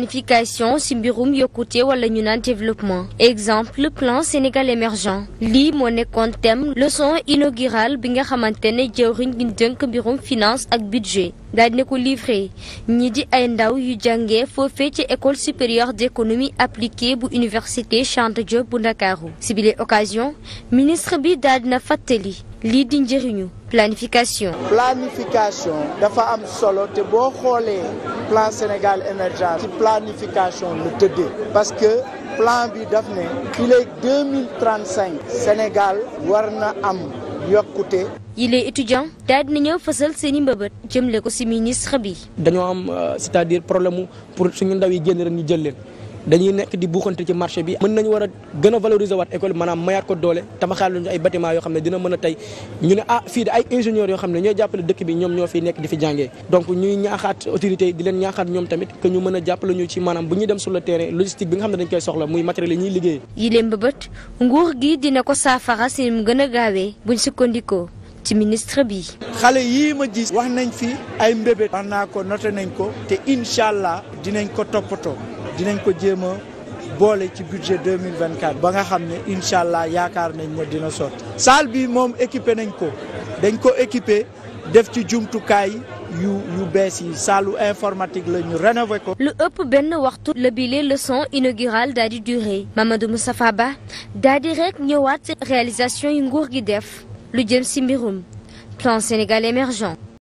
planification ci mbirum yokkute wala ñu naan développement exemple le plan Sénégal émergent lii moo nekkoon thème leçon bi nga xamante ne jëwriñ gi dënk mbirum finance ak budget daal dina ko livré ñi di ay ndaw yu jàngee foofee ci école supérieure d'économie appliquée bu université Cheikh Anta Diop bu Ndakaaru ci bile occasion ministre bi daal dina fàttali lii di njëriñu planification planification dafa am solo te boo xoolee plan Sénégal émergent ci planification lu tëddee parce que plan bi daf ne fileeg deux mille cinq Sénégal war na am yokkute. yile étudiant daal dina ñëw seeni seen i mbëbët jëmle ko si ministre bi. dañoo am euh, c'est-à-dire problème mu pour suñu ndaw yi génn ren ñu jël leen. dañuy nekk di buuxante ci marché bi mën nañu war gën a valoriser waat école bi maanaam mayaat ko doole tabaxal ñu ay bâtiment yoo xam ne dina mën a tey ñu ne a ah, fii de ay ingénieurs yoo xam ne ñooy jàppale dëkk bi ñoom ñoo fiy nekk di fi jàngee donc ñuy ñaaxaat autorités di leen ñaaxaat ñoom tamit que ñu mën a jàppale ñu ci maanaam bu ñuy dem sur le terrain logistique bi nga xam ne dañ koy soxla muy matériel yi ñuy liggéey yi leen bëbët nguur gi dina ko saafara a gaawee wax nañ fi ay mbébét wax naa ko noté nañ ko te incha allah dinañ ko toppatoo dinañ ko jéem boole ci budget 2024 ba nga xam ne incha allah yaakaar nañ ne dina sotti salle bi moom équipé nañ ko dañ ko équipé def ci jumtukaay yu yu bees yi saalu informatique la ñu rénové ko. lu ëpp benn waxtu la bile leçon inaugurale daal di duré Mamadou Moustapha Ba daal di rek ñëwaat réalisation yu nguur gi def lu jëm si mbirum plan Sénégal émergent.